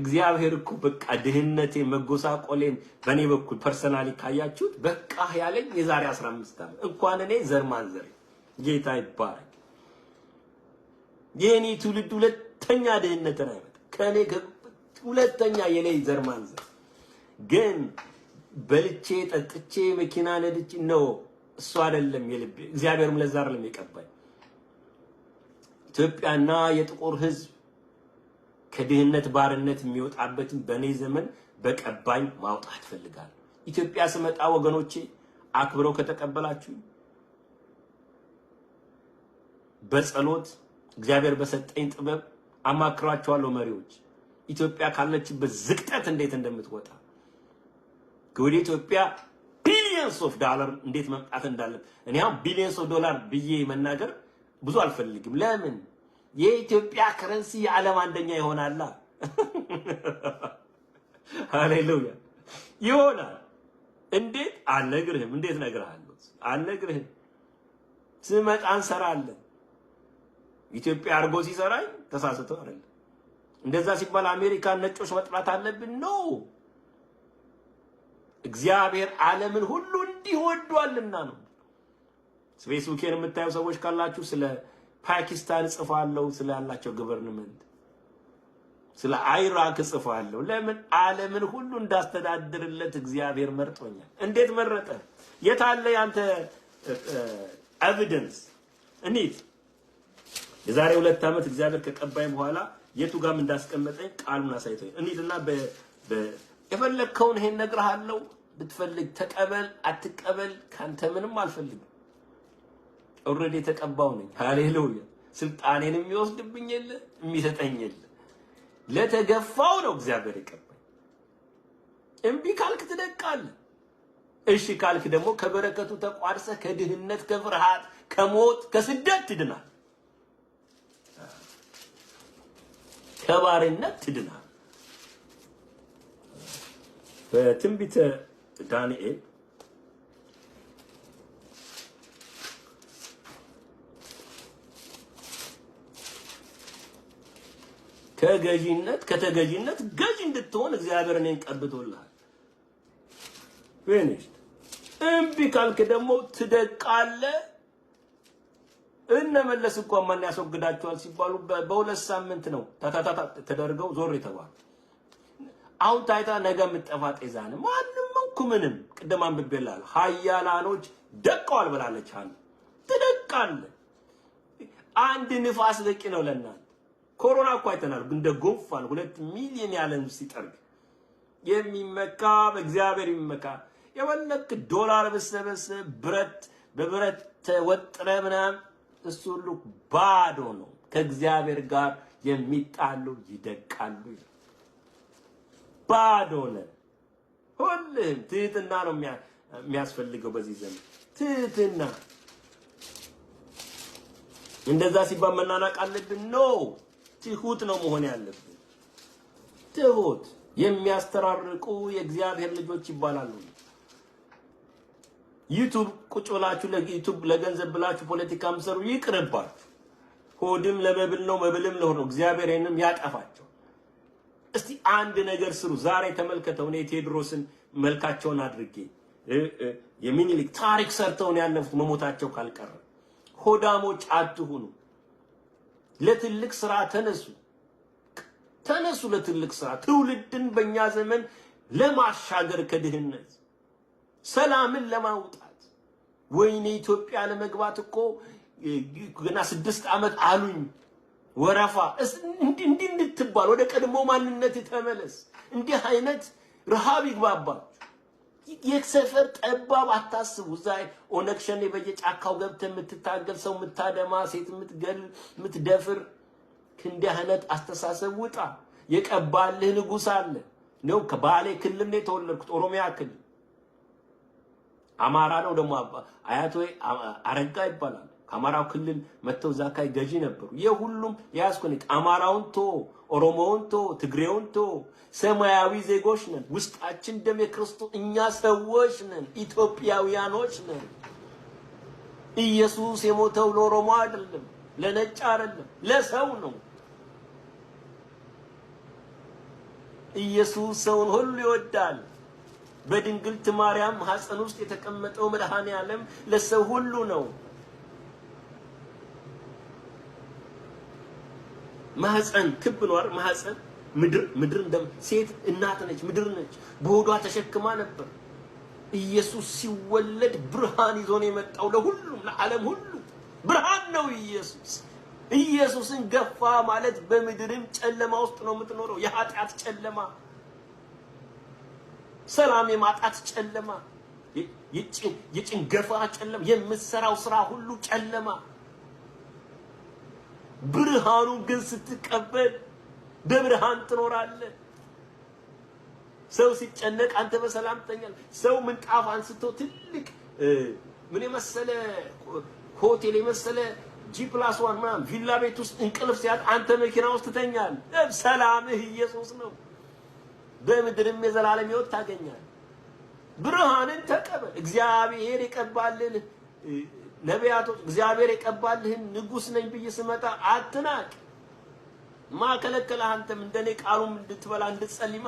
እግዚአብሔር እኮ በቃ ድህነቴን መጎሳቆሌን በእኔ በኩል ፐርሰናሊ ካያችሁት በቃ ያለኝ የዛሬ 15 ዓመት እንኳን እኔ ዘር ማንዘሬ ጌታ ይባረክ። የእኔ ትውልድ ሁለተኛ ድህነትን አይመጣም ከእኔ ሁለተኛ የኔ ዘር ማንዘር ግን በልቼ ጠጥቼ መኪና ነድቼ ነው እሱ አይደለም የልቤ እግዚአብሔርም ለዛ አይደለም የቀባኝ ኢትዮጵያና የጥቁር ህዝብ ከድህነት ባርነት የሚወጣበትን በእኔ ዘመን በቀባኝ ማውጣት ፈልጋለሁ። ኢትዮጵያ ስመጣ ወገኖቼ አክብረው ከተቀበላችሁ በጸሎት እግዚአብሔር በሰጠኝ ጥበብ አማክሯቸዋለሁ። መሪዎች ኢትዮጵያ ካለችበት ዝቅጠት እንዴት እንደምትወጣ ወደ ኢትዮጵያ ቢሊየንስ ኦፍ ዶላር እንዴት መምጣት እንዳለብ እኔ አሁን ቢሊየንስ ኦፍ ዶላር ብዬ መናገር ብዙ አልፈልግም። ለምን የኢትዮጵያ ከረንሲ የዓለም አንደኛ ይሆናል። ሃሌሉያ ይሆናል። እንዴት አልነግርህም። እንዴት እነግርሃለሁ? አልነግርህም። ስመጣ እንሰራለን። ኢትዮጵያ አድርጎ ሲሰራኝ ተሳስተው አይደል? እንደዛ ሲባል አሜሪካን ነጮች መጥራት አለብን ነው። እግዚአብሔር ዓለምን ሁሉ እንዲወዷልና ነው። ፌስቡኬን የምታዩ ሰዎች ካላችሁ ስለ ፓኪስታን እጽፋለሁ ስላላቸው ገቨርንመንት ስለ አይራክ እጽፋለሁ። ለምን ዓለምን ሁሉ እንዳስተዳድርለት እግዚአብሔር መርጦኛል። እንዴት መረጠ? የታለ ያንተ ኤቪደንስ? እኒት የዛሬ ሁለት ዓመት እግዚአብሔር ከቀባኝ በኋላ የቱ ጋም እንዳስቀመጠኝ ቃሉን አሳይቶኝ እኒትና የፈለግከውን ይሄን እነግርሃለሁ፣ ብትፈልግ ተቀበል አትቀበል፣ ካንተ ምንም አልፈልግም። ኦልሬዲ የተቀባው ነኝ። ሃሌሉያ! ስልጣኔን የሚወስድብኝ የለ የሚሰጠኝ የለ። ለተገፋው ነው እግዚአብሔር የቀባኝ። እምቢ ካልክ ትደቃለህ። እሺ ካልክ ደግሞ ከበረከቱ ተቋርሰ ከድህነት፣ ከፍርሃት፣ ከሞት፣ ከስደት ትድናል። ከባርነት ትድናል። በትንቢተ ዳንኤል ከገዢነት ከተገዢነት ገዢ እንድትሆን እግዚአብሔር እኔን ቀብቶልሃል። ፊኒሽ። እምቢ ካልክ ደግሞ ትደቃለህ። እነ መለስ ማን ያስወግዳቸዋል ሲባሉ በሁለት ሳምንት ነው ታታታ ተደርገው ዞር የተባሉ። አሁን ታይታ ነገ የምጠፋ ጤዛን ማንም እኮ ምንም ቅድም አንብቤልሃለሁ። ሀያላኖች ደቀዋል ብላለች። አንድ ትደቃለህ። አንድ ንፋስ በቂ ነው ለእናንተ። ኮሮና እኮ አይተናል፣ እንደ ጎንፋን ሁለት ሚሊዮን ያለም ሲጠርግ የሚመካ በእግዚአብሔር የሚመካ የወለክ ዶላር በሰበሰ ብረት በብረት ተወጥረ ምናምን እሱ ሁሉ ባዶ ነው። ከእግዚአብሔር ጋር የሚጣሉ ይደቃሉ። ባዶ ነው። ሁሉም ትህትና ነው የሚያስፈልገው በዚህ ዘመን ትህትና። እንደዛ ሲባል መናናቅ አለብን ነው። ትሁት ነው መሆን ያለብን። ትሁት የሚያስተራርቁ የእግዚአብሔር ልጆች ይባላሉ። ዩቱብ ቁጭ ብላችሁ ለዩቱብ ለገንዘብ ብላችሁ ፖለቲካ ምሰሩ ይቅርባችሁ። ሆድም ለመብል ነው መብልም ለሆድ ነው። እግዚአብሔር ይሄንም ያጠፋቸው። እስቲ አንድ ነገር ስሩ። ዛሬ ተመልከተው። እኔ ቴዎድሮስን መልካቸውን አድርጌ የሚኒሊክ ታሪክ ሰርተውን ያለፉት መሞታቸው ካልቀረ ሆዳሞች አትሁኑ። ለትልቅ ስራ ተነሱ፣ ተነሱ ለትልቅ ስራ ትውልድን በእኛ ዘመን ለማሻገር ከድህነት ሰላምን ለማውጣት። ወይኔ ኢትዮጵያ ለመግባት እኮ ገና ስድስት ዓመት አሉኝ ወረፋ እንዲህ እንድትባል ወደ ቀድሞ ማንነት ተመለስ። እንዲህ አይነት ረሃብ ይግባባል። የሰፈር ጠባብ አታስቡ። እዛ ኦነግ ሸኔ በየጫካው ገብተ የምትታገል ሰው የምታደማ ሴት የምትገል የምትደፍር ክንዲህ አይነት አስተሳሰብ ውጣ። የቀባልህ ንጉስ አለ ነው። ከባሌ ክልል ነው የተወለድኩት፣ ኦሮሚያ ክልል አማራ ነው ደግሞ አያቶ አረጋ ይባላል። ከአማራው ክልል መጥተው እዛ አካባቢ ገዢ ነበሩ። የሁሉም የያዝኩን አማራውን ቶ ኦሮሞውን ቶ ትግሬውን ቶ ሰማያዊ ዜጎች ነን። ውስጣችን ደም የክርስቶስ እኛ ሰዎች ነን፣ ኢትዮጵያውያኖች ነን። ኢየሱስ የሞተው ለኦሮሞ አይደለም፣ ለነጭ አይደለም፣ ለሰው ነው። ኢየሱስ ሰውን ሁሉ ይወዳል። በድንግልት ማርያም ሐፀን ውስጥ የተቀመጠው መድኃኔ ዓለም ለሰው ሁሉ ነው። ማህፀን ክብ ነው አይደል? ማህፀን ምድር ምድር እንደም ሴት እናት ነች፣ ምድር ነች። በሆዷ ተሸክማ ነበር። ኢየሱስ ሲወለድ ብርሃን ይዞ ነው የመጣው ለሁሉም ለዓለም ሁሉ ብርሃን ነው ኢየሱስ። ኢየሱስን ገፋ ማለት በምድርም ጨለማ ውስጥ ነው የምትኖረው፣ የኃጢአት ጨለማ፣ ሰላም የማጣት ጨለማ፣ የጭንገፋ ጨለማ፣ የምትሰራው ስራ ሁሉ ጨለማ ብርሃኑን ግን ስትቀበል በብርሃን ትኖራለህ። ሰው ሲጨነቅ አንተ በሰላም ትተኛል። ሰው ምንጣፍ አንስቶ ትልቅ ምን የመሰለ ሆቴል የመሰለ ጂ ፕላስ ዋን ምናምን ቪላ ቤት ውስጥ እንቅልፍ ሲያጥ አንተ መኪና ውስጥ ትተኛለህ። ሰላምህ ኢየሱስ ነው። በምድርም የዘላለም ሕይወት ታገኛለህ። ብርሃንን ተቀበል። እግዚአብሔር ይቀባልህ። ነቢያቶች እግዚአብሔር የቀባልህን ንጉስ ነኝ ብዬ ስመጣ አትናቅ። ማከለከለህ አንተም እንደኔ ቃሉም እንድትበላ እንድትጸልይማ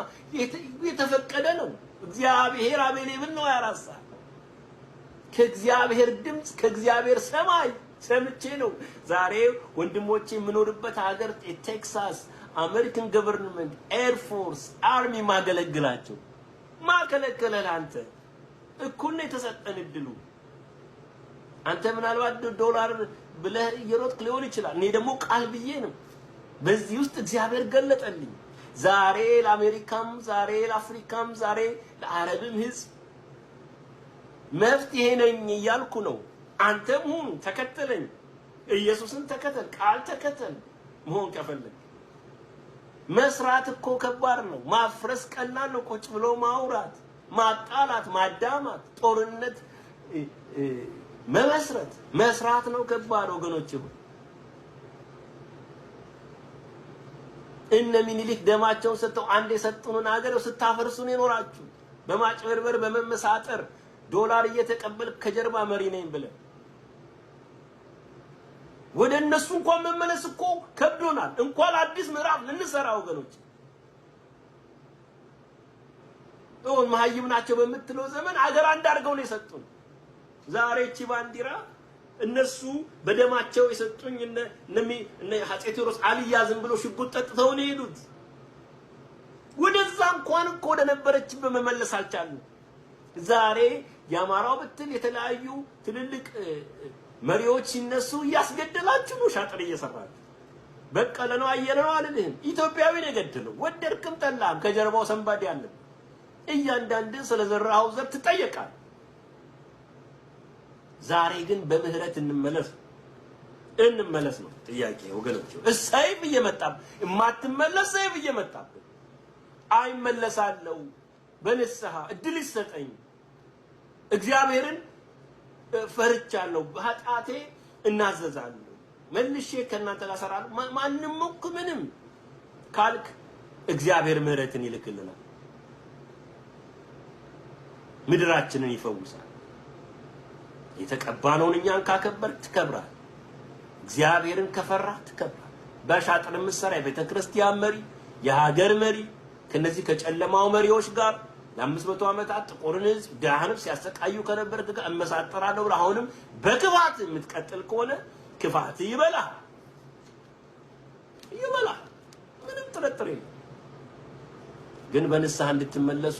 የተፈቀደ ነው። እግዚአብሔር አቤሌብን ነው ያራሳ ከእግዚአብሔር ድምፅ ከእግዚአብሔር ሰማይ ሰምቼ ነው ዛሬ ወንድሞቼ የምኖርበት ሀገር ቴክሳስ አሜሪካን ገቨርንመንት ኤር ፎርስ አርሚ ማገለግላቸው ማከለከለህ አንተ እኩል ነው የተሰጠን እድሉ አንተ ምናልባት ዶላር ብለህ እየሮጥክ ሊሆን ይችላል። እኔ ደግሞ ቃል ብዬ ነው። በዚህ ውስጥ እግዚአብሔር ገለጠልኝ። ዛሬ ለአሜሪካም፣ ዛሬ ለአፍሪካም፣ ዛሬ ለአረብም ህዝብ መፍትሄ ነኝ እያልኩ ነው። አንተም ሁን ተከተለኝ። ኢየሱስን ተከተል፣ ቃል ተከተል። መሆን ከፈለግ መስራት እኮ ከባድ ነው። ማፍረስ ቀላል ነው። ቁጭ ብሎ ማውራት፣ ማጣላት፣ ማዳማት፣ ጦርነት መመስረት መስራት ነው ከባድ ወገኖች። እነ ሚኒሊክ ደማቸውን ሰጥተው አንድ የሰጡንን አገር ስታፈርሱን የኖራችሁ በማጭበርበር በመመሳጠር ዶላር እየተቀበልክ ከጀርባ መሪ ነኝ ብለን ወደ እነሱ እንኳን መመለስ እኮ ከብዶናል። እንኳን አዲስ ምዕራፍ ልንሰራ ወገኖች ኦን መሀይም ናቸው በምትለው ዘመን አገር አንድ አድርገው ነው የሰጡን። ዛሬ እቺ ባንዲራ እነሱ በደማቸው የሰጡኝ እነ እነ አፄ ቴዎድሮስ አልያዝም ብሎ ሽጉጥ ጠጥተው ነው የሄዱት። ወደዛ እንኳን እኮ ወደ ነበረች በመመለስ አልቻሉ። ዛሬ የአማራው ብትል የተለያዩ ትልልቅ መሪዎች ሲነሱ እያስገደላችሁ ነው፣ ሻጥር እየሰራችሁ በቀለ ነው አየለ ነው አልልህም። ኢትዮጵያዊ ነው የገደለው፣ ወደድክም ከጀርባው ሰንባዴ አለ። እያንዳንድ ስለዘራኸው ዘር ትጠየቃል። ዛሬ ግን በምህረት እንመለስ እንመለስ ነው ጥያቄ ወገኖች። ሰይፍ እየመጣብ የማትመለስ ሰይፍ እየመጣብ አይመለሳለው በንስሐ እድል ይሰጠኝ እግዚአብሔርን ፈርቻለሁ፣ በኃጢአቴ እናዘዛለሁ፣ መልሼ ከእናንተ ጋር ሰራለሁ። ማንም እኮ ምንም ካልክ እግዚአብሔር ምህረትን ይልክልናል፣ ምድራችንን ይፈውሳል። የተቀባነውን እኛን ካከበር ትከብራል። እግዚአብሔርን ከፈራ ትከብራ በሻጥን የምትሰራ የቤተ ክርስቲያን መሪ፣ የሀገር መሪ ከነዚህ ከጨለማው መሪዎች ጋር ለአምስት መቶ ዓመታት ጥቁርን ህዝብ ድሃንም ሲያሰቃዩ ከነበረ ጋር እመሳጠራለሁ። አሁንም በክፋት የምትቀጥል ከሆነ ክፋት ይበላ ይበላ፣ ምንም ጥርጥር የለም። ግን በንስሐ እንድትመለሱ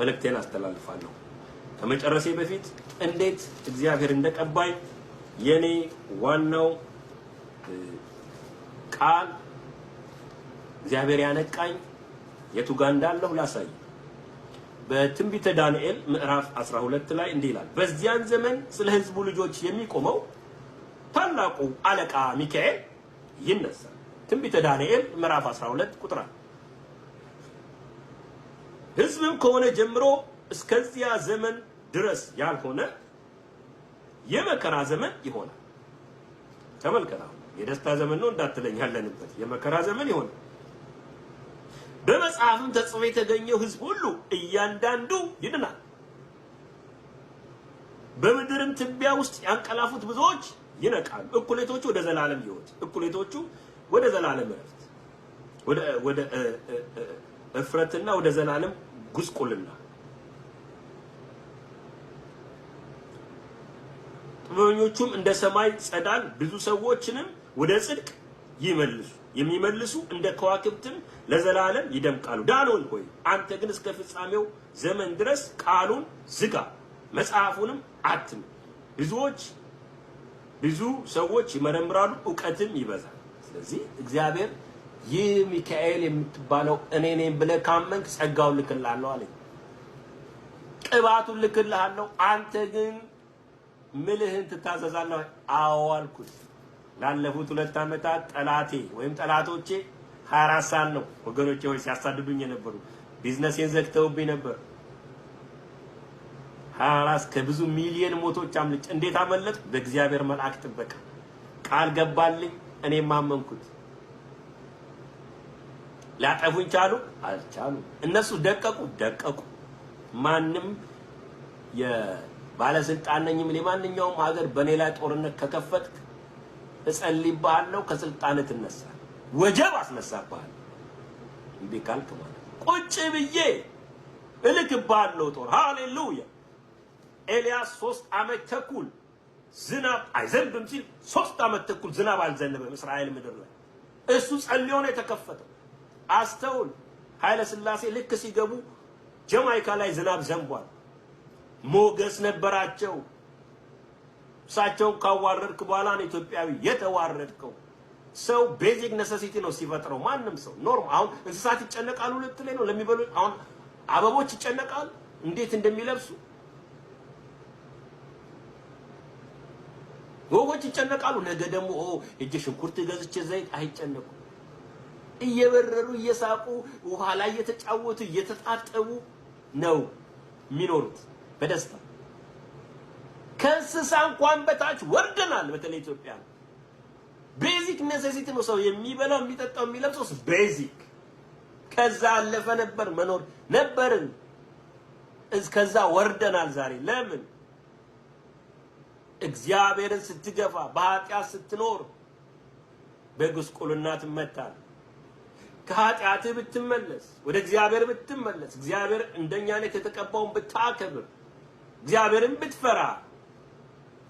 መልእክቴን አስተላልፋለሁ። ከመጨረሴ በፊት እንዴት እግዚአብሔር እንደቀባይ የኔ ዋናው ቃል እግዚአብሔር ያነቃኝ የቱ ጋር እንዳለሁ ላሳይ። በትንቢተ ዳንኤል ምዕራፍ 12 ላይ እንዲህ ይላል፣ በዚያን ዘመን ስለ ሕዝቡ ልጆች የሚቆመው ታላቁ አለቃ ሚካኤል ይነሳል። ትንቢተ ዳንኤል ምዕራፍ 12 ቁጥር ሕዝብም ከሆነ ጀምሮ እስከዚያ ዘመን ድረስ ያልሆነ የመከራ ዘመን ይሆናል። ተመልከታ፣ የደስታ ዘመን ነው እንዳትለኝ፣ ያለንበት የመከራ ዘመን ይሆናል። በመጽሐፍም ተጽፎ የተገኘው ሕዝብ ሁሉ እያንዳንዱ ይድናል። በምድርም ትቢያ ውስጥ ያንቀላፉት ብዙዎች ይነቃሉ። እኩሌቶቹ ወደ ዘላለም ሕይወት፣ እኩሌቶቹ ወደ ዘላለም እረፍት፣ ወደ እፍረትና ወደ ዘላለም ጉስቁልና ጥበበኞቹም እንደ ሰማይ ጸዳል ብዙ ሰዎችንም ወደ ጽድቅ ይመልሱ የሚመልሱ እንደ ከዋክብትም ለዘላለም ይደምቃሉ። ዳኖን ሆይ አንተ ግን እስከ ፍጻሜው ዘመን ድረስ ቃሉን ዝጋ፣ መጽሐፉንም አትም። ብዙዎች ብዙ ሰዎች ይመረምራሉ፣ እውቀትም ይበዛል። ስለዚህ እግዚአብሔር ይህ ሚካኤል የምትባለው እኔ ነኝ ብለህ ካመንክ ጸጋውን ልክልሃለሁ አለኝ፣ ቅባቱን ልክልሃለሁ አንተ ግን ምልህን ትታዘዛለህ? አዎ አልኩት። ላለፉት ሁለት ዓመታት ጠላቴ ወይም ጠላቶቼ 24 ሰዓት ነው ወገኖቼ ሆይ ሲያሳድዱኝ የነበሩ ቢዝነሴን ዘግተውብኝ ነበር። 24 ከብዙ ሚሊዮን ሞቶች አምልጭ። እንዴት አመለጥኩ? በእግዚአብሔር መልአክ ጥበቃ ቃል ገባልኝ፣ እኔም አመንኩት። ሊያጠፉኝ ቻሉ? አልቻሉም። እነሱ ደቀቁ፣ ደቀቁ። ማንም ባለስልጣን ነኝም ለማንኛውም ሀገር በእኔ ላይ ጦርነት ከከፈትክ እጸልይብሃለሁ፣ ከስልጣን ትነሳ፣ ወጀብ አስነሳብሃለሁ። እንዴ ካልክ ማለት ቁጭ ብዬ እልክብሃለሁ ጦር። ሃሌሉያ! ኤልያስ ሶስት አመት ተኩል ዝናብ አይዘንብም ሲል ሶስት አመት ተኩል ዝናብ አልዘነበም እስራኤል ምድር ላይ እሱ ጸልዮ ነው የተከፈተው። አስተውል። ኃይለ ስላሴ ልክ ሲገቡ ጀማይካ ላይ ዝናብ ዘንቧል። ሞገስ ነበራቸው። እሳቸውን ካዋረድክ በኋላ ነው ኢትዮጵያዊ የተዋረድከው። ሰው ቤዚክ ነሰሲቲ ነው ሲፈጥረው ማንም ሰው ኖርም። አሁን እንስሳት ይጨነቃሉ ልትለኝ ነው? ለሚበሉ አሁን አበቦች ይጨነቃሉ እንዴት እንደሚለብሱ ወጎች ይጨነቃሉ። ነገ ደግሞ ኦ እጄ ሽንኩርት ገዝቼ ዘይት አይጨነቁ እየበረሩ እየሳቁ ውሃ ላይ እየተጫወቱ እየተጣጠቡ ነው የሚኖሩት። በደስታ ከእንስሳ እንኳን በታች ወርደናል። በተለይ ኢትዮጵያ ቤዚክ ኔሴሲቲ ነው። ሰው የሚበላው የሚጠጣው፣ የሚለብሰው ቤዚክ ከዛ አለፈ ነበር መኖር ነበርን። እስከዛ ወርደናል። ዛሬ ለምን እግዚአብሔርን ስትገፋ በኃጢአት ስትኖር በጉስቁልና ትመታለህ። ከኃጢአትህ ብትመለስ ወደ እግዚአብሔር ብትመለስ እግዚአብሔር እንደኛ አይነት የተቀባውን ብታከብር እግዚአብሔርን ብትፈራ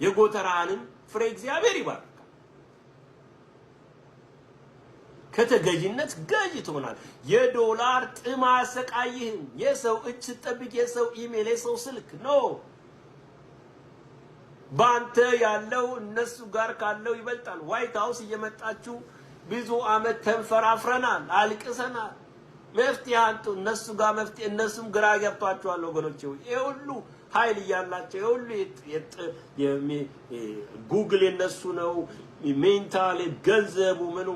የጎተራህንም ፍሬ እግዚአብሔር ይባርካል። ከተገዥነት ገዥ ትሆናል። የዶላር ጥም አያሰቃይህም። የሰው እጅ ስትጠብቅ፣ የሰው ኢሜል፣ የሰው ስልክ ነው። በአንተ ያለው እነሱ ጋር ካለው ይበልጣል። ዋይት ሀውስ እየመጣችሁ ብዙ አመት ተንፈራፍረናል፣ አልቅሰናል። መፍትሄ አንቱ። እነሱ ጋር መፍትሄ እነሱም ግራ ገብቷቸዋል ወገኖች። ይሄ ሁሉ ኃይል እያላቸው ይሄ ሁሉ ጉግል የነሱ ነው፣ ሜንታል ገንዘቡ ምኑ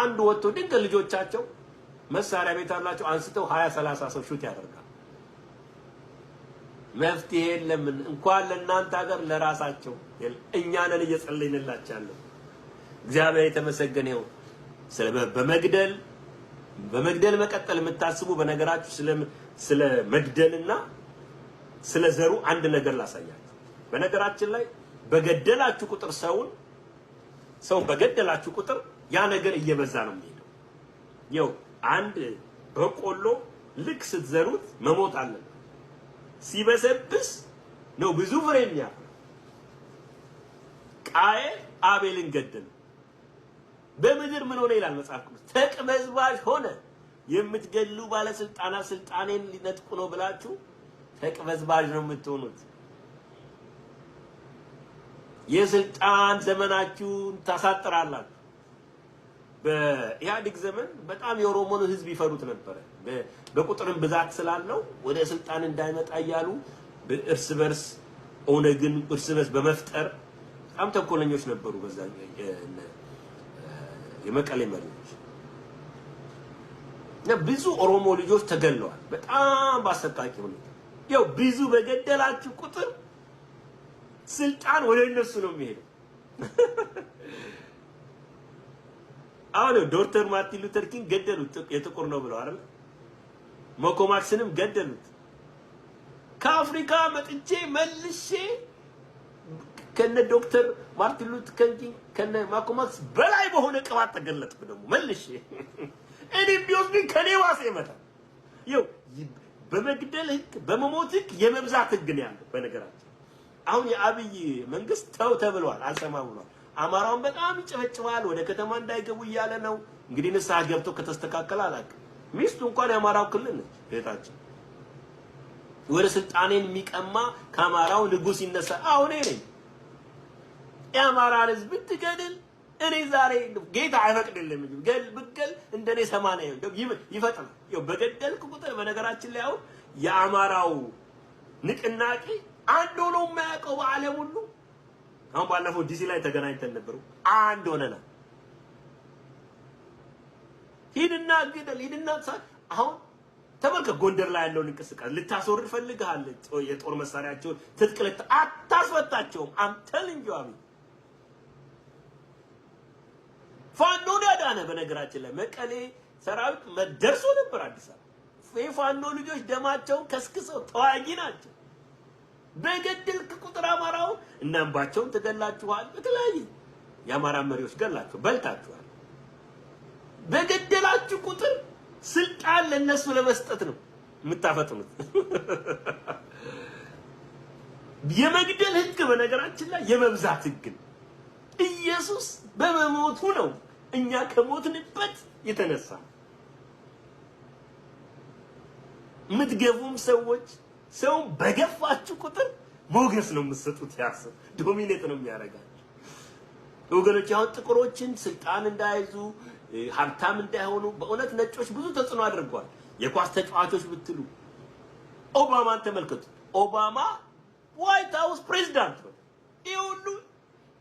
አንዱ ወጥቶ ድንቅ ልጆቻቸው መሳሪያ ቤት አላቸው አንስተው ሀያ ሰላሳ ሰው ሹት ያደርጋል። መፍትሄ የለም እንኳን ለእናንተ ሀገር ለራሳቸው እኛንን እየጸለይንላቻለሁ። እግዚአብሔር የተመሰገነው ይሁን በመግደል በመግደል መቀጠል የምታስቡ በነገራችሁ ስለ ስለ መግደልና ስለ ዘሩ አንድ ነገር ላሳያችሁ። በነገራችን ላይ በገደላችሁ ቁጥር ሰውን ሰውን በገደላችሁ ቁጥር ያ ነገር እየበዛ ነው የሚሄደው። ይኸው አንድ በቆሎ ልክ ስትዘሩት መሞት አለ። ሲበሰብስ ነው ብዙ ፍሬ የሚያፈራ ቃየል አቤልን ገደለ። በምድር ምን ሆነ ይላል መጽሐፍ ቅዱስ፣ ተቅበዝባዥ ሆነ። የምትገሉ ባለስልጣናት ስልጣኔን ሊነጥቁ ነው ብላችሁ ተቅበዝባዥ ነው የምትሆኑት። የስልጣን ዘመናችሁን ታሳጥራላችሁ። በኢህአዴግ ዘመን በጣም የኦሮሞን ህዝብ ይፈሩት ነበረ። በቁጥርም ብዛት ስላለው ወደ ስልጣን እንዳይመጣ እያሉ እርስ በርስ ኦነግን እርስ በርስ በመፍጠር በጣም ተንኮለኞች ነበሩ በዛ የመቀሌ መሪዎች እና ብዙ ኦሮሞ ልጆች ተገለዋል። በጣም በአሰቃቂ ሁኔታ ያው ብዙ በገደላችሁ ቁጥር ስልጣን ወደ እነሱ ነው የሚሄደው። አሁን ዶክተር ማርቲን ሉተር ኪንግ ገደሉት፣ የጥቁር ነው ብለው አይደል? ሞኮ ገደሉት። ከአፍሪካ መጥቼ መልሼ ከነ ዶክተር ማርቲን ሉተር ኪንግ ከነ ማኮማክስ በላይ በሆነ ቅባት ተገለጥኩ። ደግሞ መልሼ እኔ ቢወስዱኝ ከኔ ዋሴ ይመጣል። ይኸው በመግደል ህግ፣ በመሞት ህግ የመብዛት ህግ ነው ያለው። በነገራችን አሁን የአብይ መንግስት ተው ተብሏል፣ አልሰማ ብሏል። አማራውን በጣም ይጨበጭባል። ወደ ከተማ እንዳይገቡ እያለ ነው። እንግዲህ ንስሐ ገብቶ ከተስተካከለ አላውቅም። ሚስቱ እንኳን የአማራው ክልል ነች እህታችን ወደ ስልጣኔን የሚቀማ ከአማራው ንጉስ ይነሳ አሁን ነኝ የአማራን ህዝብ ብትገድል እኔ ዛሬ ጌታ አይፈቅድልም ገል ብትገል እንደኔ ሰማንያ ይፈጥናል። በገደልክ ቁጥር በነገራችን ላይ አሁን የአማራው ንቅናቄ አንድ ሆኖ የማያውቀው በዓለም ሁሉ አሁን ባለፈው ዲሲ ላይ ተገናኝተን ነበሩ። አንድ ሆነናል። ሂድና ግደል፣ ሂድና አሁን ተመልከት ጎንደር ላይ ያለውን እንቅስቃሴ ልታስወርድ ፈልግሃል። የጦር መሳሪያቸውን ትጥቅ ልታ አታስፈታቸውም። አምተል እንጂ ፋኖን ያዳነ በነገራችን ላይ መቀሌ ሰራዊት መደርሶ ነበር አዲስ አበባ። የፋኖ ልጆች ደማቸውን ከስክሰው ተዋጊ ናቸው። በገደልክ ቁጥር አማራው እናንባቸውን ትገላችኋል። በተለያዩ የአማራ መሪዎች ገላችሁ በልታችኋል። በገደላችሁ ቁጥር ስልጣን ለነሱ ለመስጠት ነው የምታፈጥኑት። የመግደል ህግ በነገራችን ላይ የመብዛት ህግ ነው። ኢየሱስ በመሞቱ ነው እኛ ከሞትንበት የተነሳ የምትገቡም ሰዎች ሰውን በገፋችሁ ቁጥር ሞገስ ነው የምትሰጡት። ያሰ ዶሚኔት ነው የሚያደርጋችሁ። ወገኖች አሁን ጥቁሮችን ስልጣን እንዳይዙ ሀብታም እንዳይሆኑ በእውነት ነጮች ብዙ ተጽዕኖ አድርጓል። የኳስ ተጫዋቾች ብትሉ ኦባማን ተመልከቱ። ኦባማ ዋይት ሃውስ ፕሬዚዳንት ነው። ይህ ሁሉ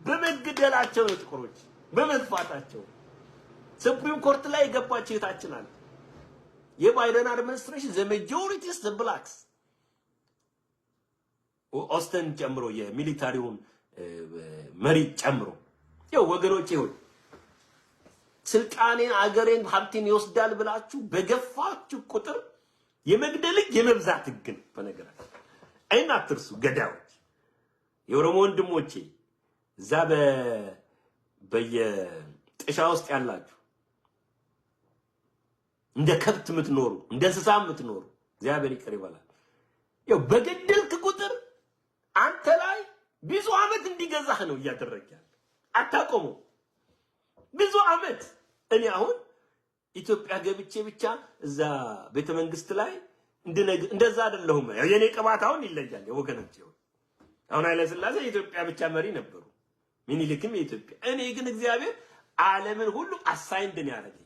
በመገደላቸው ነው ጥቁሮች በመጥፋታቸው ሱፕሪም ኮርት ላይ የገባች እህታችን አለ። የባይደን አድሚኒስትሬሽን ዘ ሜጆሪቲ ሜጆሪቲስ ዘ ብላክስ ኦስተን ጨምሮ የሚሊታሪውን መሪ ጨምሮ ያው ወገኖቼ ሆይ ስልጣኔን አገሬን ሀብቴን ይወስዳል ብላችሁ በገፋችሁ ቁጥር የመግደል ህግ የመብዛት ህግ ነው። በነገራችሁ አይን አትርሱ ገዳዮች፣ የኦሮሞ ወንድሞቼ እዛ በየ ጥሻ ውስጥ ያላችሁ እንደ ከብት የምትኖሩ እንደ እንስሳ የምትኖሩ እግዚአብሔር ይቅር ይበላል። ያው በገደልክ ቁጥር አንተ ላይ ብዙ ዓመት እንዲገዛህ ነው እያደረገ አታቆሙ። ብዙ ዓመት እኔ አሁን ኢትዮጵያ ገብቼ ብቻ እዛ ቤተ መንግስት ላይ እንድነግ እንደዛ አይደለሁም። ያው የኔ ቅባት አሁን ይለያል ወገኖቼ። አሁን ኃይለ ስላሴ የኢትዮጵያ ብቻ መሪ ነበሩ፣ ምኒልክም የኢትዮጵያ እኔ ግን እግዚአብሔር ዓለምን ሁሉ አሳይንድ ነው ያደረገ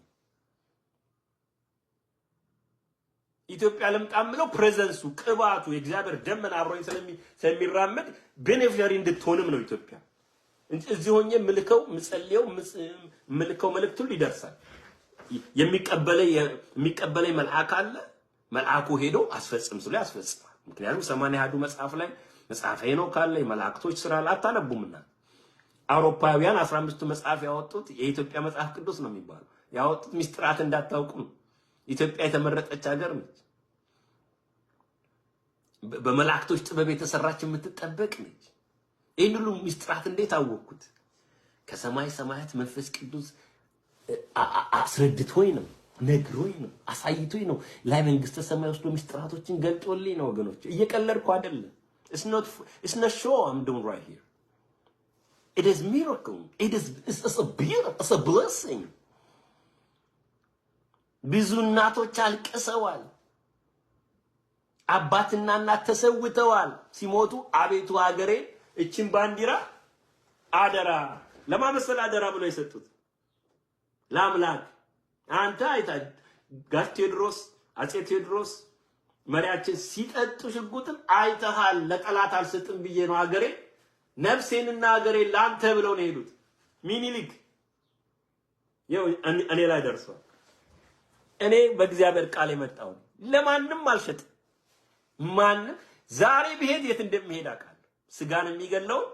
ኢትዮጵያ ልምጣ ምለው ፕሬዘንሱ ቅባቱ የእግዚአብሔር ደመና አብሮኝ ስለሚራመድ ቤኔፊሻሪ እንድትሆንም ነው ኢትዮጵያ። እዚህ ሆኜ ምልከው ምጸልየው ምልከው መልእክት ሁሉ ይደርሳል። የሚቀበለኝ መልአክ አለ። መልአኩ ሄዶ አስፈጽም ስለ ያስፈጽማል። ምክንያቱም ሰማንያ አሐዱ መጽሐፍ ላይ መጽሐፈ ሄኖክ አለ፣ የመላእክቶች ስራ አታነቡምና። አውሮፓውያን አስራ አምስቱ መጽሐፍ ያወጡት የኢትዮጵያ መጽሐፍ ቅዱስ ነው የሚባለው ያወጡት ሚስጥራት እንዳታውቁ ነው። ኢትዮጵያ የተመረጠች ሀገር ነች። በመላእክቶች ጥበብ የተሰራች የምትጠበቅ ነች። ይህን ሁሉ ምስጢራት እንዴት አወቅኩት? ከሰማይ ሰማያት መንፈስ ቅዱስ አስረድቶኝ ነው፣ ነግሮኝ ነው፣ አሳይቶኝ ነው። ላይ መንግስተ ሰማይ ወስዶ ምስጢራቶችን ገልጦልኝ ነው። ወገኖች እየቀለድኩ አይደለም። ኢትስ ኖት ሾ አም ዱን ራይት ሂር ኢት ኢዝ ሚራክል ኢት ኢዝ ኢትስ ኢትስ አ ብሌሲንግ ብዙ እናቶች አልቅሰዋል። አባትና እናት ተሰውተዋል። ሲሞቱ አቤቱ ሀገሬ እችን ባንዲራ አደራ ለማመሰል አደራ ብለው የሰጡት ለአምላክ አንተ አይታ ጋሽ ቴዎድሮስ አጼ ቴዎድሮስ መሪያችን ሲጠጡ ሽጉጥም አይተሃል። ለጠላት አልሰጥም ብዬ ነው ሀገሬ ነፍሴንና ሀገሬ ለአንተ ብለው ነው የሄዱት። ሚኒሊክ ይኸው እኔ ላይ ደርሷል። እኔ በእግዚአብሔር ቃል የመጣው ለማንም አልሸጥ። ማንም ዛሬ ብሄድ የት እንደሚሄድ አውቃለሁ። ስጋን የሚገለውን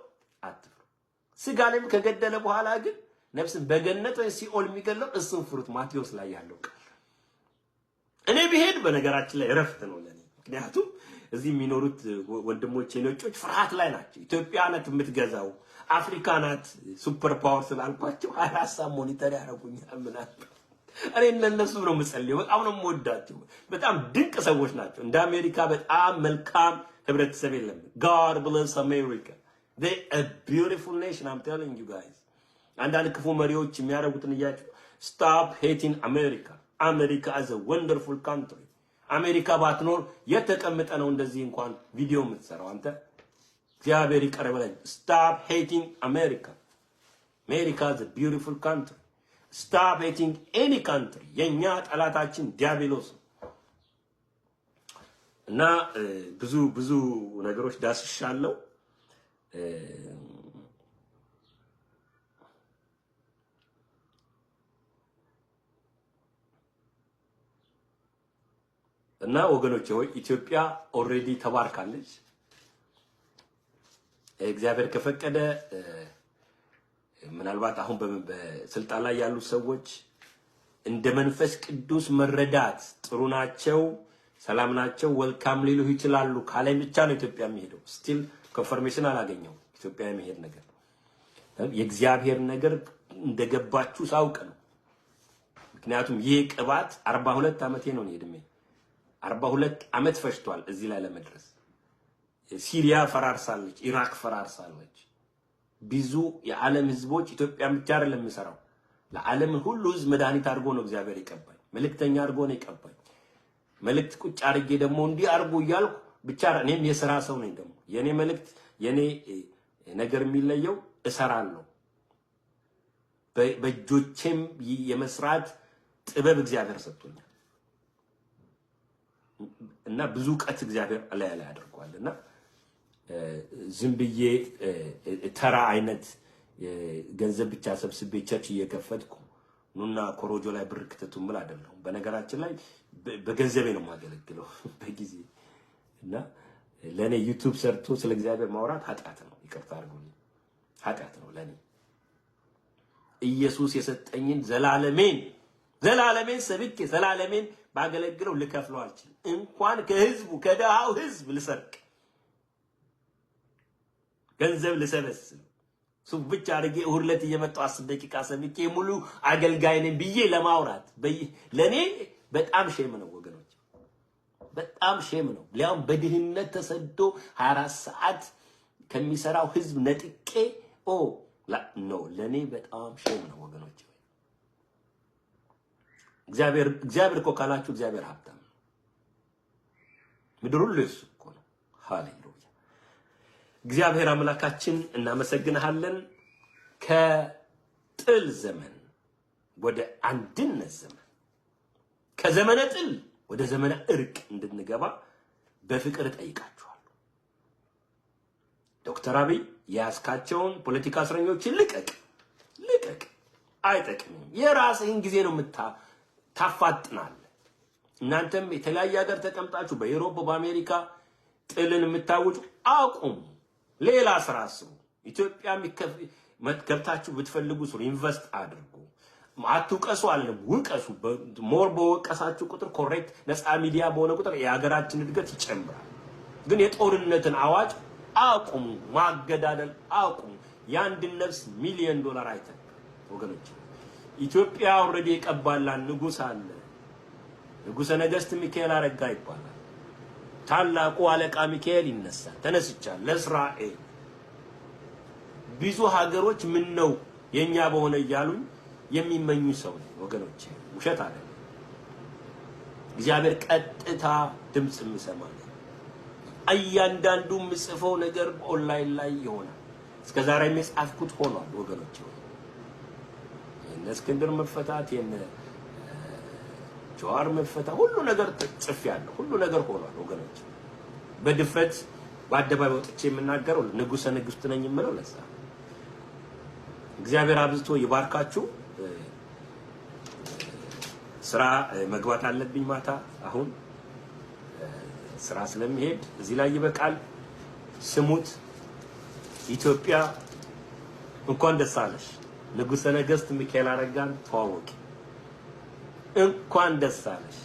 አትፍሩ። ስጋንም ከገደለ በኋላ ግን ነፍስን በገነት ወይ ሲኦል የሚገለው እሱን ፍሩት። ማቴዎስ ላይ ያለው ቃል እኔ ብሄድ በነገራችን ላይ እረፍት ነው ለኔ። ምክንያቱም እዚህ የሚኖሩት ወንድሞቼ ነጮች ፍርሃት ላይ ናቸው። ኢትዮጵያ ናት የምትገዛው፣ አፍሪካ ናት ሱፐር ፓወር ስላልኳቸው ሀያ ሀሳብ ሞኒተር ያደረጉኛል ምናምን እኔ ለነሱ ነው የምጸልየው። በጣም ነው የምወዳቸው። በጣም ድንቅ ሰዎች ናቸው። እንደ አሜሪካ በጣም መልካም ህብረተሰብ የለም። ጋድ ብለስ አሜሪካ they a beautiful nation i'm telling you guys አንዳንድ ክፉ መሪዎች የሚያደርጉትን እያችሁ stop hating America አሜሪካ is a wonderful country አሜሪካ ባትኖር የተቀመጠ ነው እንደዚህ እንኳን ቪዲዮ የምትሰራው አንተ እግዚአብሔር ይቅር stop hating America America is a beautiful country ስታፕ ሄቲንግ ኤኒ ካንትሪ የኛ ጠላታችን ዲያብሎስ ነው። እና ብዙ ብዙ ነገሮች ዳስሻለው። እና ወገኖች ሆይ ኢትዮጵያ ኦልሬዲ ተባርካለች። እግዚአብሔር ከፈቀደ ምናልባት አሁን በስልጣን ላይ ያሉ ሰዎች እንደ መንፈስ ቅዱስ መረዳት ጥሩ ናቸው፣ ሰላም ናቸው፣ ወልካም ሊሉ ይችላሉ ካላይ ብቻ ነው ኢትዮጵያ የሚሄደው። ስቲል ኮንፈርሜሽን አላገኘው ኢትዮጵያ የመሄድ ነገር የእግዚአብሔር ነገር እንደገባችሁ ሳውቅ ነው። ምክንያቱም ይህ ቅባት አርባ ሁለት ዓመቴ ነው እድሜ አርባ ሁለት ዓመት ፈሽቷል እዚህ ላይ ለመድረስ። ሲሪያ ፈራርሳለች፣ ኢራቅ ፈራርሳለች። ብዙ የዓለም ህዝቦች ኢትዮጵያን ብቻ አይደለም የምሰራው ለዓለም ሁሉ ህዝብ መድኃኒት አድርጎ ነው እግዚአብሔር የቀባኝ። መልእክተኛ አድርጎ ነው ይቀባኝ መልእክት ቁጭ አድርጌ ደግሞ እንዲህ አድርጎ እያልኩ ብቻ እኔም የስራ ሰው ነኝ። ደግሞ የእኔ መልእክት የእኔ ነገር የሚለየው እሰራለሁ። በእጆቼም የመስራት ጥበብ እግዚአብሔር ሰጥቶኛል እና ብዙ እውቀት እግዚአብሔር ላይ ላይ አድርጓል እና ዝም ብዬ ተራ አይነት ገንዘብ ብቻ ሰብስቤ ቸርች እየከፈትኩ ኑና ኮሮጆ ላይ ብር ክተቱ ምል አይደለሁም። በነገራችን ላይ በገንዘቤ ነው የማገለግለው በጊዜ እና ለእኔ ዩቱብ ሰርቶ ስለ እግዚአብሔር ማውራት ኃጢአት ነው። ይቅርታ አድርጉልኝ፣ ኃጢአት ነው ለእኔ። ኢየሱስ የሰጠኝን ዘላለሜን ዘላለሜን ሰብኬ ዘላለሜን ባገለግለው ልከፍለው አልችልም። እንኳን ከህዝቡ ከድሃው ህዝብ ልሰርቅ ገንዘብ ልሰበስብ ሱፍ ብቻ አድርጌ እሑድ ዕለት እየመጣሁ አስር ደቂቃ ሰብቄ ሙሉ አገልጋይ ነኝ ብዬ ለማውራት ለእኔ በጣም ሼም ነው ወገኖች፣ በጣም ሼም ነው። ሊያውም በድህነት ተሰዶ 24 ሰዓት ከሚሰራው ህዝብ ነጥቄ ኦ ኖ ለእኔ በጣም ሼም ነው ወገኖች። እግዚአብሔር እኮ ካላችሁ እግዚአብሔር ሀብታም ምድር ሁሉ የሱ እኮ ነው። እግዚአብሔር አምላካችን እናመሰግንሃለን። ከጥል ዘመን ወደ አንድነት ዘመን፣ ከዘመነ ጥል ወደ ዘመነ እርቅ እንድንገባ በፍቅር እጠይቃችኋለሁ። ዶክተር አብይ የያዝካቸውን ፖለቲካ እስረኞችን ልቀቅ፣ ልቀቅ፣ አይጠቅምም። የራስህን ጊዜ ነው ታፋጥናል። እናንተም የተለያየ ሀገር ተቀምጣችሁ በኤሮፓ በአሜሪካ ጥልን የምታውጩ አቁሙ። ሌላ ስራ አስቡ። ኢትዮጵያ ገብታችሁ ብትፈልጉ ስሩ፣ ኢንቨስት አድርጉ። አትውቀሱ አለም ውቀሱ። ሞር በወቀሳችሁ ቁጥር ኮሬክት ነፃ ሚዲያ በሆነ ቁጥር የሀገራችን እድገት ይጨምራል። ግን የጦርነትን አዋጅ አቁሙ፣ ማገዳደል አቁሙ። የአንድን ነፍስ ሚሊዮን ዶላር አይተን ወገኖች፣ ኢትዮጵያ ኦልሬዲ የቀባላን ንጉስ አለ። ንጉሰ ነገስት ሚካኤል አረጋ ይባላል። ታላቁ አለቃ ሚካኤል ይነሳል። ተነስቻል ለእስራኤል ብዙ ሀገሮች ምን ነው የኛ በሆነ እያሉኝ የሚመኙ ሰው ነው ወገኖቼ፣ ውሸት አለ። እግዚአብሔር ቀጥታ ድምፅ የምሰማ ነው። እያንዳንዱ የምጽፈው ነገር ኦንላይን ላይ ይሆናል። እስከ ዛሬ የጻፍኩት ሆኗል ወገኖቼ። የእነ እስክንድር መፈታት የነ ናቸው። አርም ፈታ ሁሉ ነገር ጽፍ ያለው ሁሉ ነገር ሆኗል ወገኖች። በድፍረት በአደባባይ ወጥቼ የምናገረው ንጉሰ ንግስት ነኝ የምለው ለዛ። እግዚአብሔር አብዝቶ ይባርካችሁ። ስራ መግባት አለብኝ ማታ። አሁን ስራ ስለሚሄድ እዚህ ላይ ይበቃል። ስሙት። ኢትዮጵያ እንኳን ደስ አለሽ። ንጉሰ ነገስት ሚካኤል አረጋን ተዋወቂ። እንኳን ደስ አለሽ።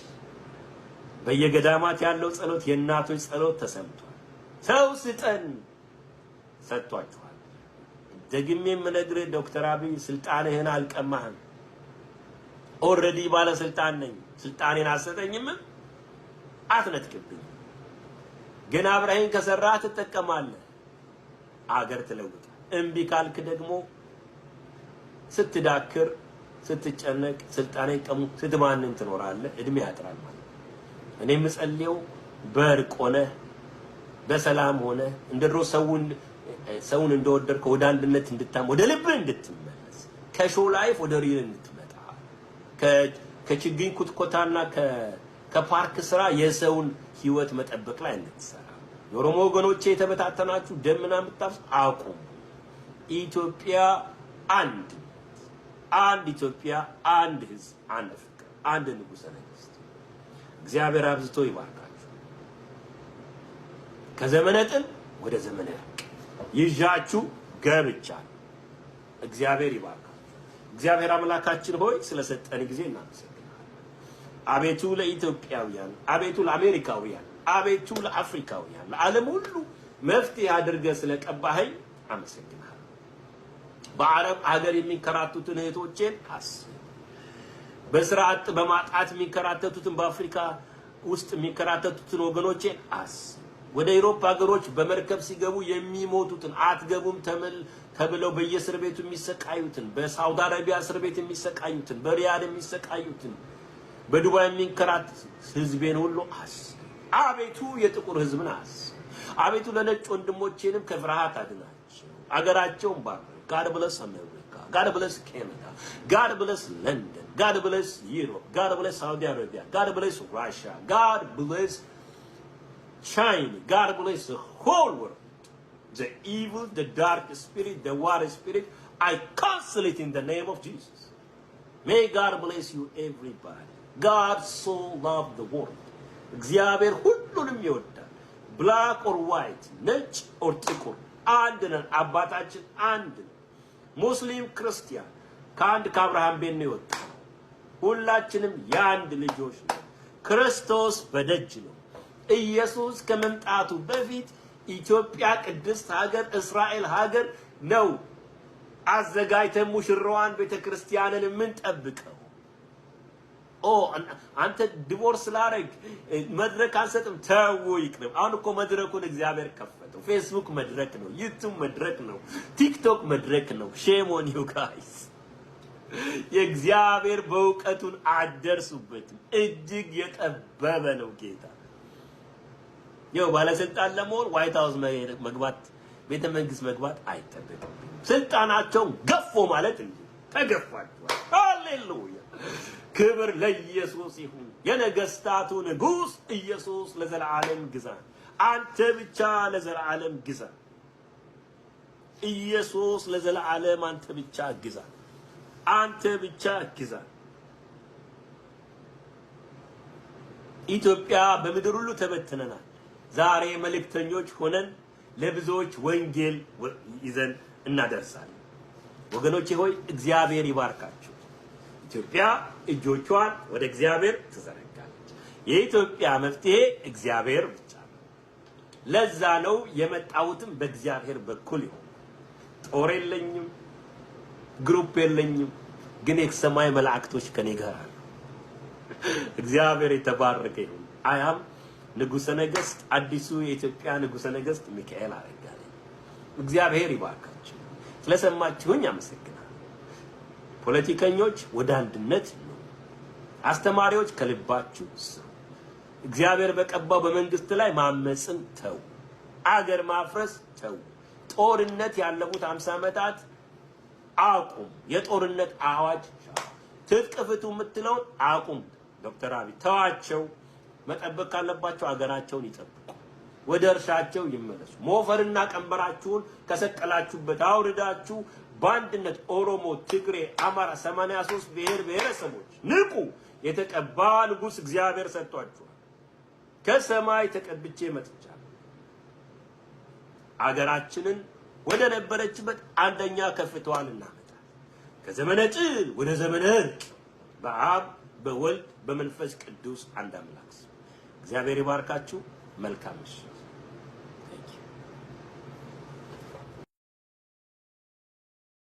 በየገዳማት ያለው ጸሎት፣ የእናቶች ጸሎት ተሰምቷል። ሰው ስጠን ሰጥቷችኋል። ደግሜ የምነግርህ ዶክተር አብይ ስልጣንህን አልቀማህም። ኦልሬዲ ባለስልጣን ነኝ፣ ስልጣኔን አሰጠኝም፣ አትነጥቅብኝ። ግን አብረህን ከሰራህ ትጠቀማለህ፣ አገር ትለውጣል። እምቢ ካልክ ደግሞ ስትዳክር ስትጨነቅ፣ ስልጣኔ ቀሙ ስትማንን ትኖራለህ። እድሜ ያጥራል ማለት እኔ የምጸልየው በእርቅ በሰላም ሆነ እንደ ድሮ ሰውን ሰውን እንደወደድከው ወደ አንድነት እንድታም ወደ ልብህ እንድትመለስ ከሾ ላይፍ ወደ ሪል እንድትመጣ ከችግኝ ኩትኮታና ከፓርክ ስራ የሰውን ህይወት መጠበቅ ላይ እንድትሰራ የኦሮሞ ወገኖቼ የተበታተናችሁ ደምና የምታፍሱ አቁም። ኢትዮጵያ አንድ አንድ ኢትዮጵያ፣ አንድ ህዝብ፣ አንድ ፍቅር፣ አንድ ንጉሠ ነገሥት። እግዚአብሔር አብዝቶ ይባርካችሁ። ከዘመነ ጥን ወደ ዘመነ እርቅ ይዣችሁ ገብቻ እግዚአብሔር ይባርካችሁ። እግዚአብሔር አምላካችን ሆይ ስለሰጠን ጊዜ እናመሰግናለን። አቤቱ ለኢትዮጵያውያን፣ አቤቱ ለአሜሪካውያን፣ አቤቱ ለአፍሪካውያን፣ ለዓለም ሁሉ መፍትሄ አድርገህ ስለቀባኸኝ አመሰግናለሁ። በአረብ ሀገር የሚንከራተቱትን እህቶቼን አስብ። በስራ አጥ በማጣት የሚንከራተቱትን በአፍሪካ ውስጥ የሚንከራተቱትን ወገኖቼን አስብ። ወደ ኢሮፕ ሀገሮች በመርከብ ሲገቡ የሚሞቱትን አትገቡም ተመል ተብለው በየእስር ቤቱ የሚሰቃዩትን፣ በሳውዲ አረቢያ እስር ቤት የሚሰቃዩትን፣ በሪያድ የሚሰቃዩትን፣ በዱባይ የሚንከራተቱትን ህዝቤን ሁሉ አስብ። አቤቱ የጥቁር ህዝብን አስብ። አቤቱ ለነጭ ወንድሞቼንም ከፍርሃት አድናቸው፣ አገራቸውን ባርክ። God bless America. God bless Canada. God bless London. God bless Europe. God bless Saudi Arabia. God bless Russia. God bless China. God bless the whole world. The evil, the dark spirit, the water spirit, I cancel it in the name of Jesus. May God bless you everybody. God so loved the world. እግዚአብሔር hundun ይወዳል። black or white, ነጭ or ጥቁር and ነን። አባታችን ሙስሊም ክርስቲያን ከአንድ ከአብርሃም ቤት ነው የወጣው። ሁላችንም የአንድ ልጆች ነው። ክርስቶስ በደጅ ነው። ኢየሱስ ከመምጣቱ በፊት ኢትዮጵያ ቅድስት ሀገር እስራኤል ሀገር ነው አዘጋጅተን ሙሽራዋን ቤተክርስቲያንን የምንጠብቀው። ኦ አንተ ዲቮርስ ላረግ መድረክ አንሰጥም፣ ተው ይቅርብ። አሁን እኮ መድረኩን እግዚአብሔር ከፈተው። ፌስቡክ መድረክ ነው፣ ዩቱብ መድረክ ነው፣ ቲክቶክ መድረክ ነው። ሼም ኦን ዩ ጋይስ። የእግዚአብሔር በእውቀቱን አደርሱበትም። እጅግ የጠበበ ነው ጌታ። ይኸው ባለስልጣን ለመሆን ዋይት ሃውስ መግባት፣ ቤተ መንግስት መግባት አይጠበቅም። ስልጣናቸውን ገፎ ማለት እንጂ ተገፋቸዋል። ሃሌሉያ ክብር ለኢየሱስ ይሁን። የነገስታቱ ንጉስ ኢየሱስ ለዘላለም ግዛ። አንተ ብቻ ለዘላለም ግዛ። ኢየሱስ ለዘላለም አንተ ብቻ ግዛ። አንተ ብቻ ግዛ። ኢትዮጵያ በምድር ሁሉ ተበትነናል። ዛሬ መልእክተኞች ሆነን ለብዙዎች ወንጌል ይዘን እናደርሳለን። ወገኖቼ ሆይ እግዚአብሔር ይባርካችሁ። ኢትዮጵያ እጆቿን ወደ እግዚአብሔር ትዘረጋለች። የኢትዮጵያ መፍትሄ እግዚአብሔር ብቻ ነው። ለዛ ነው የመጣሁትም በእግዚአብሔር በኩል ይሆን። ጦር የለኝም፣ ግሩፕ የለኝም፣ ግን የሰማይ መላእክቶች ከኔ ጋር አሉ። እግዚአብሔር የተባረከ ይሁን። አያም ንጉሠ ነገስት አዲሱ የኢትዮጵያ ንጉሠ ነገስት ሚካኤል አረጋለኝ። እግዚአብሔር ይባርካችሁ። ስለሰማችሁኝ አመሰግናለሁ። ፖለቲከኞች ወደ አንድነት ነው። አስተማሪዎች ከልባችሁ ስሩ። እግዚአብሔር በቀባው በመንግስት ላይ ማመፅን ተው። አገር ማፍረስ ተው። ጦርነት ያለፉት 50 ዓመታት አቁም። የጦርነት አዋጅ ትጥቅ ፍቱ የምትለውን አቁም። ዶክተር አብይ ተዋቸው። መጠበቅ ካለባቸው አገራቸውን ይጠብቁ፣ ወደ እርሻቸው ይመለሱ። ሞፈርና ቀንበራችሁን ከሰቀላችሁበት አውርዳችሁ በአንድነት ኦሮሞ፣ ትግሬ፣ አማራ 83 ብሔር ብሔረሰቦች ንቁ! የተቀባ ንጉስ እግዚአብሔር ሰጥቷችኋል። ከሰማይ ተቀብቼ መጥቻለሁ። አገራችንን ወደ ነበረችበት አንደኛ ከፍታዋን እናመጣል። ከዘመነ ጥል ወደ ዘመነ እርቅ በአብ በወልድ በመንፈስ ቅዱስ አንድ አምላክ እግዚአብሔር ይባርካችሁ። መልካም